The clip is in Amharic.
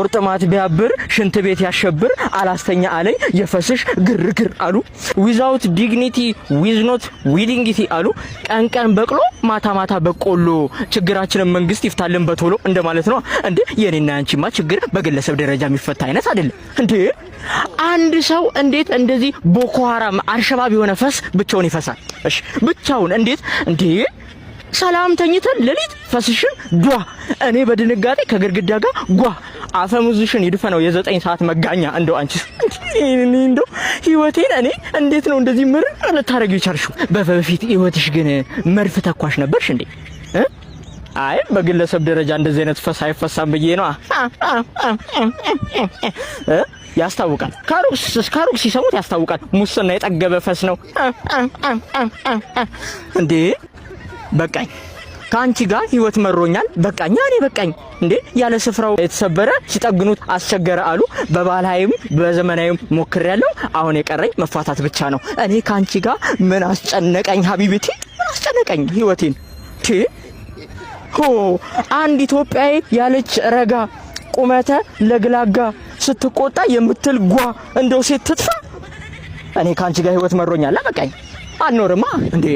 ቁርጥማት ቢያብር ሽንት ቤት ያሸብር አላስተኛ አለኝ የፈስሽ ግርግር አሉ። ዊዛውት ዲግኒቲ ዊዝ ኖት ዊሊንግቲ አሉ። ቀን ቀን በቅሎ ማታ ማታ በቆሎ ችግራችንን መንግስት ይፍታልን በቶሎ እንደማለት ነው እንዴ? የኔና ያንቺማ ችግር በግለሰብ ደረጃ የሚፈታ አይነት አይደለም እንዴ? አንድ ሰው እንዴት እንደዚህ ቦኮ ሀራም አልሸባብ የሆነ ፈስ ብቻውን ይፈሳል? እሺ ብቻውን እንዴት እንዴ? ሰላም ተኝተን ሌሊት ፈስሽን ጓ እኔ በድንጋጤ ከግድግዳ ጋር ጓ አፈሙዝሽን ይድፈነው የዘጠኝ ሰዓት መጋኛ። እንደው አንቺ እንደው ህይወቴን እኔ እንዴት ነው እንደዚህ ምር ልታደረግ የቻልሽው? በፊት ህይወትሽ ግን መድፍ ተኳሽ ነበርሽ እንዴ? አይ በግለሰብ ደረጃ እንደዚህ አይነት ፈስ አይፈሳም ብዬ ነው። ያስታውቃል። ካሩክስ ከሩቅ ሲሰሙት ያስታውቃል። ሙስና የጠገበ ፈስ ነው እንዴ። በቃኝ። ከአንቺ ጋር ህይወት መሮኛል፣ በቃኛ፣ እኔ በቃኝ። እንዴ ያለ ስፍራው የተሰበረ ሲጠግኑት አስቸገረ አሉ። በባህላዊም በዘመናዊም ሞክር ያለው አሁን የቀረኝ መፋታት ብቻ ነው። እኔ ከአንቺ ጋር ምን አስጨነቀኝ ሀቢብቲ፣ ምን አስጨነቀኝ ህይወቴን። አንድ ኢትዮጵያዊ ያለች ረጋ ቁመተ ለግላጋ ስትቆጣ የምትል ጓ እንደው ሴት ትጥፋ። እኔ ከአንቺ ጋር ህይወት መሮኛል፣ በቃኝ፣ አልኖርማ እንዴ